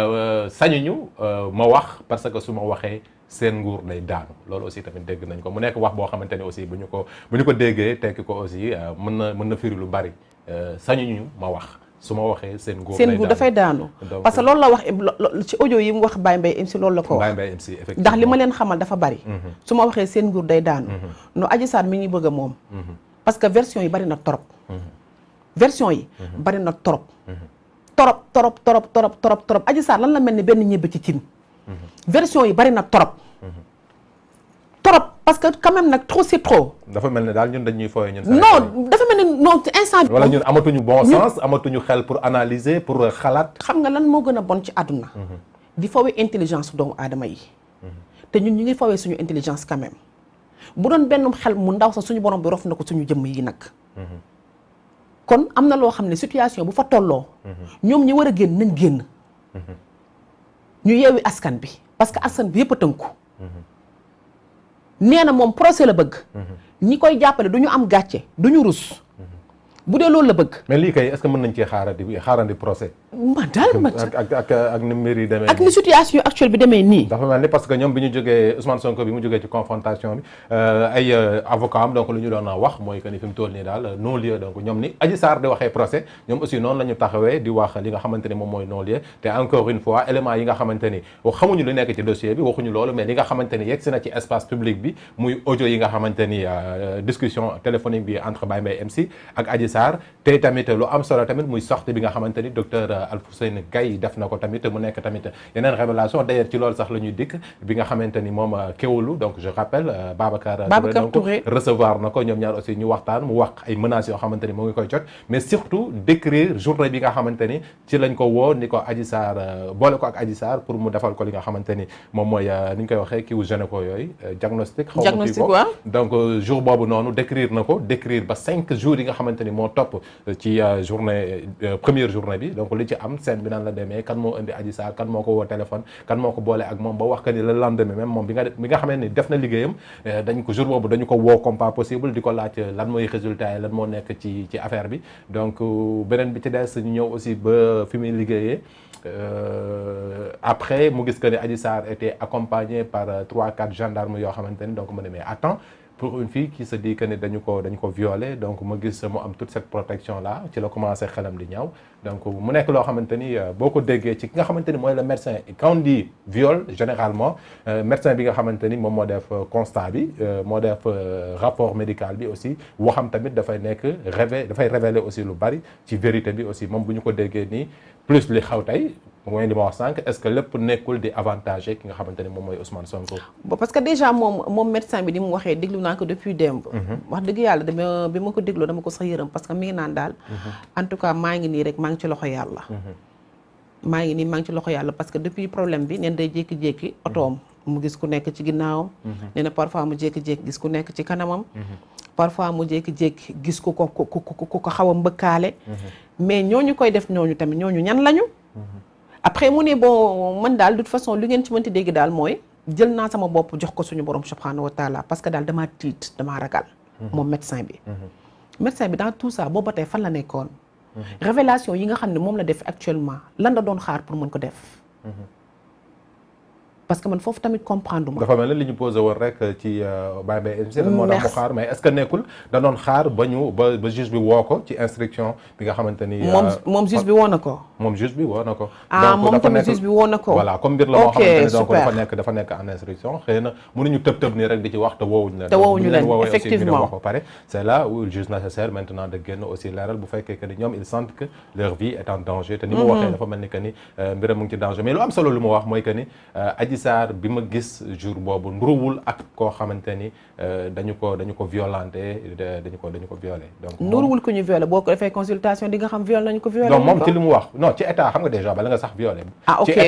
Euh, sañuñu euh, ma wax parce que su ma waxee seen nguur nay daanu loolu aussi tamit dégg nañ ko mu nekk wax boo xamante ne aussi bu ñu ko bu ko déggee tekki ko aussi euh, mën na mën na firi lu bari sañuñu ma wax su ma waxee seen nguur seen dafay daanu parce que loolu la wax ci audio yi mu wax Baye Mbaye MC loolu la ko wax ndax li ma leen xamal dafa bari mhm. su ma waxee seen nguur day daanu mhm. no Adji Sarr ngi bëgg moom mhm. parce que version yi bari na trop version yi bari na trop torop torop torop torop torop torop Adji Sarr lan la mel ni benn ñebbe ci cin version yi bari na torop torop parce que quand même nag trop c'est trop dafa mel ni daal ñun dañuy fooye ñun non dafa mel ne wala ñun amatuñu bon sens amatuñu xel pour analyser pour euh, xalaat xam nga lan moo gën a bon ci àdduna mhm. di foowe intelligence doomu aadama yi mhm. te ñun ñu ngi fawee suñu intelligence quand même bu doon benn xel mu ndaw sax suñu borom bi rof na ko suñu jëmm yi nag mhm. kon am na loo xam ne situation bu fa tolloo. ñoom ñi war a génn nañ génn. ñu yeewi askan bi parce que askan bi yëpp tënku. nee na moom procès la bëgg. ñi koy jàppale du ñu am gàcce du ñu rus. bu dee loolu la bëgg. mais lii kay est-ce que mën nañ cee xaarandi xaarandi procès. ma daal ma ak ak ni mbir actuelle bi demee nii. dafa mel ni parce que ñoom bi ñu jógee Ousmane Sonko bi mu jógee ci confrontation bi euh, ay euh, avocat am lu ñu doon wax mooy que ni fi mu toll nii daal non lieu donc ñoom ni Adji Sarr di waxee procès ñoom aussi noonu la taxawee di wax li nga xamante ni moom mooy non lieu te encore une fois éléments yi nga xamante ni xamuñu lu nekk ci dossier bi waxuñu loolu mais li nga xamante ni yegg si na ci espace public bi muy audio Sarr te tamit lu am solo tamit muy sortie bi nga xamante ni docteur euh, Alphousseyni Gaye def na ko tamit mu nekk tamit yeneen révélation d'ailleurs ci sax la dikk bi nga xamante moom euh, Kéwoulo donc je euh, donc recevoir na ko ñoom ñaar aussi ñu waxtaan mu wax nga xamante li nga xamante ni moom mooy ni ñu koy waxee kiiwu gene ko yooyu diagnostic xaw ko donc jour boobu noonu décrire na ko décrire ba jours yi nga xamante moo topp ci euh, journée euh, première journée bi donc li ci am seen bi nan la demee kan moo indi Adji Sarr kan moo ko woo téléphone kan moo ko boole ak moom ba wax que ni le lendemain même moom bi nga bi nga xamee ni def na liggéeyam euh, dañ ko jour boobu dañu ko woo comme possible di ko laaj lan mooy résultat yi lan moo nekk ci ci affaire bi donc beneen bi ci des ñu ñëw aussi ba fi muy liggéeyee après mu gis que ni Adji Sarr était accompagné par trois quatre gendarmes yoo xamante ni pour une fille qui se dit que ni dañu ko dañu ko violé donc ma gis mu am toute cette protection la ci la commencé xelam di ñaaw donc mu nekk loo xamante ni euh, boo ko déggee ci ki nga xamante ni mooy la médecin quand on viole généralement euh, médecin bi nga xamante ni moom moo def euh, constat bi moo def rapport médical bi aussi waxam tamit dafay nekk révé dafay révéler aussi lu bari ci vérité bi aussi moom bu ñu ko déggee nii plus li xaw tey mooy li ma wax sànq est-ce que lépp nekkul di avantage ki nga xamante ne moom mooy Ousmane Sonko. bon parce que déjà moom moom médecin bi ni mu waxee déglu naa ko depuis démb. Mhm. wax dëgg yàlla dama bi ma ko dégloo dama ko sax yërëm parce que mi daal. Mhm. en tout cas maa ngi nii rek maa ci loxo yàlla. Mhm. maa ngi nii maa ngi ci loxo yàlla parce que depuis problème bi neen day jékki-jékki otoom. mu gis ku nekk ci ginnaawam. nee na parfois parfois mu jékki-jékki gis ko ko ko ko ko xaw a mbëkkaale. mais ñoo ñu koy def ñooñu tamit ñooñu ñan lañu. après mu ne bon man daal de toute façon lu ngeen ci mënti dégg daal mooy jël naa sama bopp jox ko suñu borom subhanahu wa taala parce que daal damaa tiit dama ragal. moom médecin bi. médecin bi dans tout sax boobu ba tey fan la nekkoon. révélation yi nga xam ne moom la def actuellement lan la doon xaar pour mën ko def. parce que man foofu tamit comprendre ma. dafa mel ne li ñu posé woon rek ci euh, Baye Baye MC. moo tax mu xaar mais est ce que xaar ba ñu ba ba bi woo ci instruction bi nga xamante ni. moom euh, moom juge bi woo na ko. moom juge bi woo na ko. ah moom tamit juge bi comme mbir la moo xamante ne wax te pare. c' est là où nécessaire maintenant de génn aussi leeral bu fekkee que ñoom ils sentent que leur vie est danger. te ni mu mm-hmm. waxee dafa mel ni que ni euh, mbiram mu ngi ci danger mais lu am solo lu mu Adji Sarr bi ma gis jour boobu nduruwul ak koo xamante ni euh, dañu ko dañu ko violenté dañu ko dañu ko violé donc nduruwul ku ñu boo ko defee consultation di nga xam violé nañu ko violé donc moom ci li mu wax non ci état xam nga déjà bala nga sax violé ah ok ci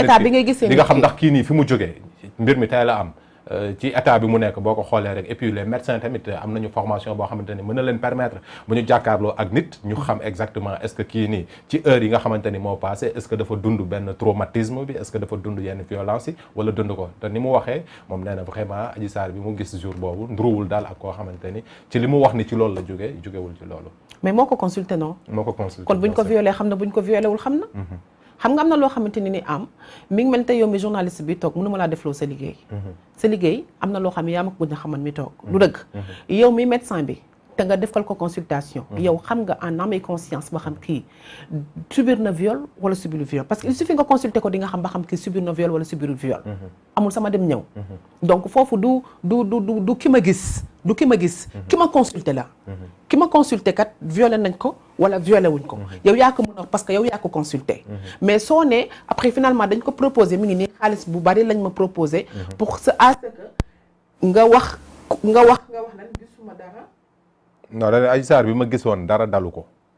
état bi ngay gisee nit ki xam ndax kii nii fi mu jógee mbir mi tey la am Euh, ci état bi mu nekk boo ko xoolee rek et puis les médecins tamit euh, am nañu formation boo xamante ni mën na leen permettre bu ñu jàkkaarloo ak nit ñu xam exactement est-ce que kii nii ci heure yi nga xamante ni moo passé est-ce que dafa dund benn traumatisme bi est-ce que dafa dund yenn violence yi wala dund ko te ni mu waxee moom nee na vraiment Adji Sarr bi mu gis jour boobu nduruwul daal ak koo xamante ni ci li mu wax ni ci loolu la jógee jógewul ci loolu mais moo ko consulté non moo ko consulté kon buñ ko violé xam na buñ ko violé wul xam na mm-hmm. xam nga am na loo xamante ni ni am mi ngi mel te yow mi journaliste bi toog mënu ma laa defloo sa liggéey mhm. sa liggéey am na loo xam ne yaa ma ko gën a xaman mi toog lu mhm. dëgg mhm. yow mi médecin bi te nga defal ko consultation. Mm-hmm. yow xam nga en âme et conscience ba xam kii subir na viol wala subiru viol parce que il suffit nga consulter ko di nga xam ba xam kii subir na viol wala subiru viol. Mm-hmm. amul sama dem ñëw. Mm-hmm. donc foofu du du du du ki ma gis ki ma gis. ki ma consulter la. ki ma consulter kat violé nañ ko wala violé wuñ ko. yow yaa ko mën a parce que yow yaa ko consulter. mais soo nee après finalement dañ ko proposer mi ngi nii xaalis bu bari non da Adji Sarr bi ma gisoon dara dalu ko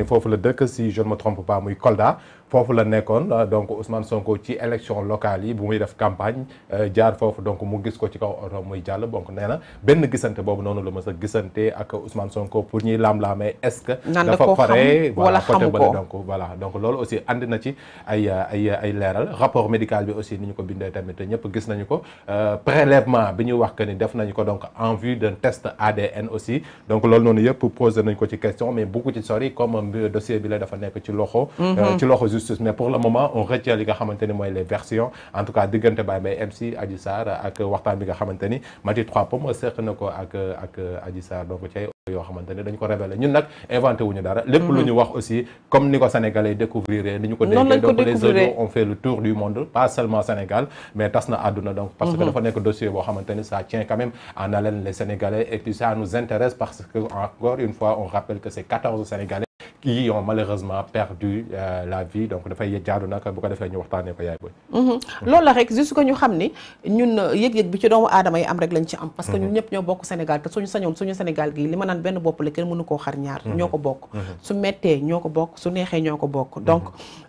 ni foofu la dëkk si je ne me trompe pas muy Kolda foofu la nekkoon euh, donc Ousmane Sonko ci élection locale yi bu muy def campagne euh, jaar foofu donc mu gis ko ci kaw oto muy jàll donc nee na benn gisante boobu noonu la mës a gisante ak Ousmane Sonko pour ñuy laam-laamee est-ce que dafa pare voilà côté bële donc donc loolu aussi andi na ci ay euh, ay ay leeral rapport médical bi aussi ni ñu ko bindee tamit ñëpp gis nañu ko prélèvement bi ñuy wax que ni def nañu ko donc en vue d'un test ADN aussi donc loolu noonu yëpp posé nañu ko ci question mais bu ko ci sori comme nekk ci loxo mhm. justice mais pour le moment on retient li nga xamante mooy les versions en tout cas diggante Baye Mbaye MC Adji Sarr ak waxtaan bi nga xamante ni Trois Pommes seq na ko ak ko révélé ñun mm-hmm. fait le tour du monde pas seulement Sénégal mais tas na àdduna donc parce que mm-hmm. dafa nekk dossier boo xamante ni ça tient quand même en haleine et puis ça nous intéresse parce que encore une fois on rappelle que c'est quatorze sénégalais qui ont malheureusement perdu euh, la vie donc dafay jaadu nag bu ko defee ñu waxtaanee ko yaay booy. Mhm. Mhm. loolu la rek juste que ñu xam ni ñun euh, yëg-yëg bi ci doomu aadama yi am rek lañ ci am. Mhm. ñoo ko bokk. su mettee ñoo ko bokk su neexee ñoo ko bokk. donc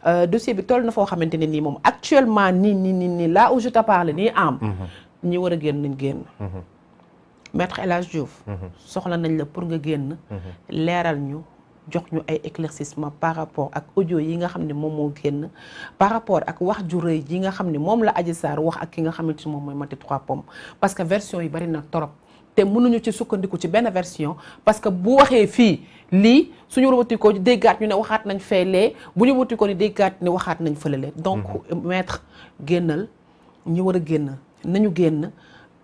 euh, dossier bi toll na foo xamante ne nii moom actuellement nii nii nii nii là nii am. ñi war a génn nañ génn. maître El Hadj soxla nañ la pour nga génn. leeral ñu. jox ñu ay éclaircissement par rapport ak audio yi nga xam ne moom moo génn par rapport ak wax ju rëy ji nga xam ne moom la Adji Sarr wax ak ki nga xamante ni moom mooy Maty Trois Pommes parce que version yi bari na torop te mënuñu ci sukkandiku ci benn version parce que bu waxee fii lii suñu wati ko déggaat ñu ne waxaat nañ feelee bu ñu wati ko ni déggaat ne waxaat nañ fëlale donc mhm. maître génnal ñu war a génn nañu génn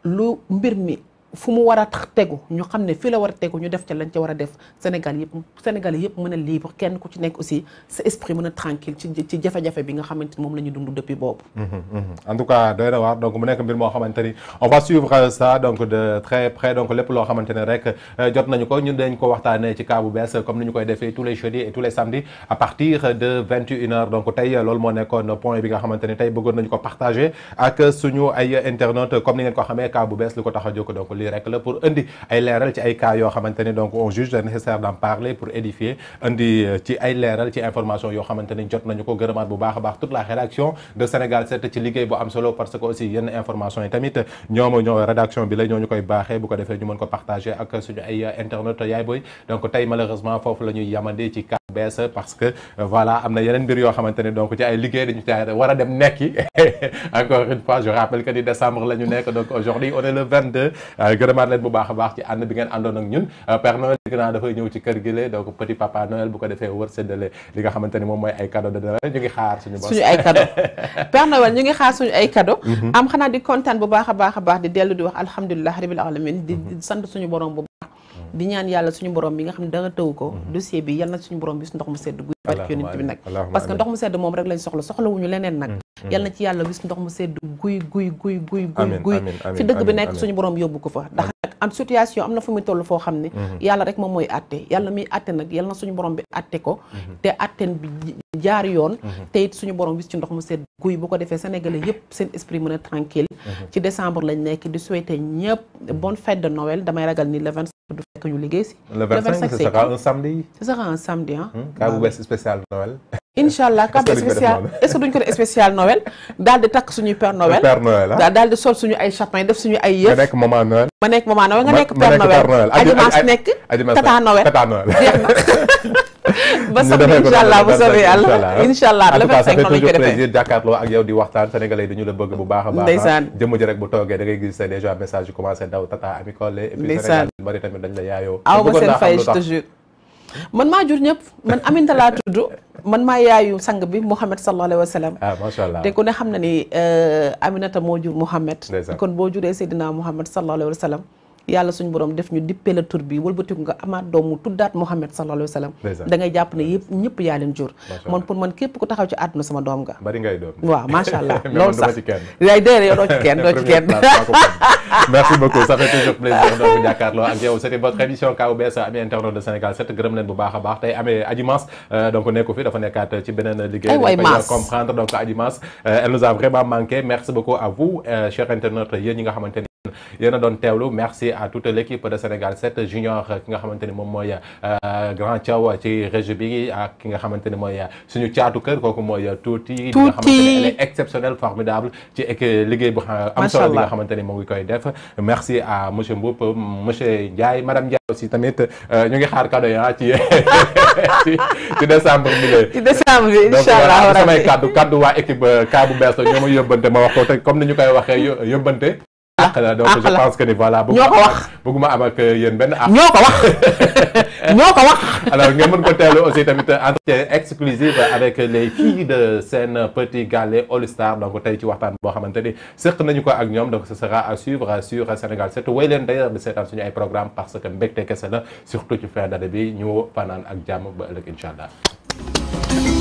lu mbir mi fu mu war a tax tegu ñu xam ne fii la war a tegu ñu def ca lañ ca war a def Sénégal yëpp Sénégal a libre kenn ku ci nekk aussi sa esprit mën a tranquille ci ci jafe-jafe bi nga xamante moom la ñu dund depuis boobu. Mhm, mhm. en tout cas doy na donc mu nekk mbir moo xamante on va suivre euh, ça donc de très près donc lépp loo xamante ne rek euh, jot nañu ko ñun dañ ko waxtaanee ci cas bu bees comme ni ñu koy defee tous les jeudis tous les samedis à partir de 21h donc tey euh, loolu moo nekkoon point bi nga bi rek la pour indi ay leeral ci ay cas yoo xamante ni donc on juge nécessaire d'en parler pour édifier indi euh, ay leeral ci information yoo xamante jot nañu ko gërëmaat bu baax a baax toute la rédaction de Sénégal 7 ci liggéey bu am solo parce que aussi yenn information yi tamit ñoom ñoo rédaction bi la koy baaxee bu defee ñu mën ko partager ak suñu ay euh, internautes yaay booy donc tey malheureusement foofu la ñuy yamandee ci bees parce que euh, voilà am na yeneen mbir yoo xamante donc ci ay liggéey dañu caa war a dem nekki encore une fois je rappelle que ni décembre la nekk donc aujourd'hui on est le 22 euh, gërëmaat leen bu baax a baax ci ànd bi ngeen àndoon ñun euh, Père Noël dégg naa dafay ñëw ci kër gi la donc petit papa Noël ñu ngi xaar suñu ay cadeau Père mhm. ñu ngi xaar suñu ay cadeau am xanaa di kontaan bu baax a baax a baax di dellu di wax alhamdulilah rabbil alamin di mhm. sant di ñaan yàlla suñu borom bi nga xam ne dara tëw ko mhm. dossier bi yal na suñu borom bi ndox mu sedd guy barke yonent bi nag parce que ndox mu sedd moom rek lañ soxla soxla wuñu leneen nag mhm. yal na ci yàlla wis ndox mu sedd guy guy guy guy guy guy fi dëkk bi nekk suñu borom yóbbu ko fa am situation am na fu muy toll foo xam ne mhm. yàlla rek moom mooy atte yàlla muy atte nag yàlla na suñu borom bi atte ko mhm. te atten bi jaar yoon mhm. te it suñu borom bis ci ndox mu sedd guy bu ko defee sénégalais yëpp seen esprit mën a tranquille ci décembre lañ nekk di souhaiter ñëpp bon fête de Noël damay ragal nii le vingt du fekk ñu liggéey si le vingt cinq ce sera un samedi ce sera un samedi kaa hmm, bu bees spécial Noël incha allah campagne spéciale est ce di takk suñuy Père Noël Père Noël ah daal di sol suñu ay chapin def suñu ay yëf. nga nekk maman Noël. ma nekk maman Noël nga nekk Père Noël Adjumas nekk Tata Noël Tata Noël jeex na. ba samedi incha allah bu soobee yàlla incha allah le 25 noonu ñu ko defee en ak yow di waxtaan sénégalais dañu la bëgg bu baax a baax. Ah. ndeysaan jëmm ji rek bu toogee da ngay gis déjà message yu commencé daw Tata Ami Collé. dañ la man maa jur ñëpp man Aminta laa tudd man maa yaayu sang bi Mouhamed sallallahu alayhi wa sallam. ah macha allah te ku ne xam na ni euh, Aminata moo jur Mouhamed. kon boo juree Seydina Mouhamed sallallahu alayhi wa sallam. yàlla suñu borom def ñu dippee la tur bi wëlbatiku nga amaat doomu tuddaat Mouhamed sallallahu alayhi wa sallam jàpp ne yëpp ñëpp yaa jur man pour man képp ku taxaw ci àdduna sama doom nga bari ngay doom waaw allah loolu sax lay déere yow doo kenn doo ci kenn merci beaucoup ça fait toujours plaisir donc ak yow c'était votre émission KOBS amee internet de Sénégal 7 gërëm leen bu baax a baax tey amee Adji Mass euh, donc nekku fi dafa nekkaat ci beneen liggéey comprendre donc Adji Mass euh, elle nous a vraiment manqué euh, nga xamante ni yéen doon teewlu merci à toute l' de Sénégal 7 junior ki nga xamante ni moom mooy euh, grand Thiaw ci région bi ki nga xamante ni mooy euh, suñu caatu kër kooku mooy euh, tuuti di nga xamante ni elle est exceptionnelle formidable ci ek liggéey bu am solo bi nga xamante ni moo ngi koy def merci à monsieur Mboup monsieur Ndiaye madame Ndiaye aussi tamit ñu ngi xaar cadeau ya ah, ci ci décembre bi la ci décembre bi allah donc samay kaddu kaddu waa équipe kaa bu bees la ñoo ma yóbbante ma wax ko comme ni ñu koy waxee yóbbante ah la donc ah, je pense ni voilà. ñoo ko wax bëgguma am ak euh, yéen benn ah. ñoo ko wax ñoo ko wax. alors ngeen mën ko teelu aussi tamit euh, entretien exclusive avec les filles de Sen Petit Gallé All Star donc tey ci waxtaan boo xamante ni sëq nañu ko ak ñoom donc ce sera à suivre sur Sénégal 7 way leen d'ailleurs di seetaan suñu ay programme parce que mbégte kese la surtout ci fin d'année bi ñu fanaan ak jàmm ba ëllëg incha allah.